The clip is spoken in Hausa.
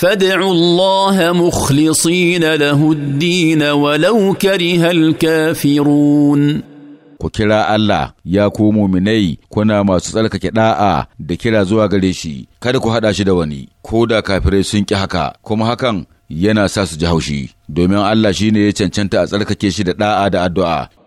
فادعوا الله مخلصين له الدين ولو كره الكافرون ku kira Allah ya ku muminai kuna masu tsarkake da'a da kira zuwa gare shi kada ku haɗa shi da wani ko da kafirai sun ƙi haka kuma hakan yana sa su ji haushi domin Allah shine ya cancanta a tsarkake shi da da'a da addu'a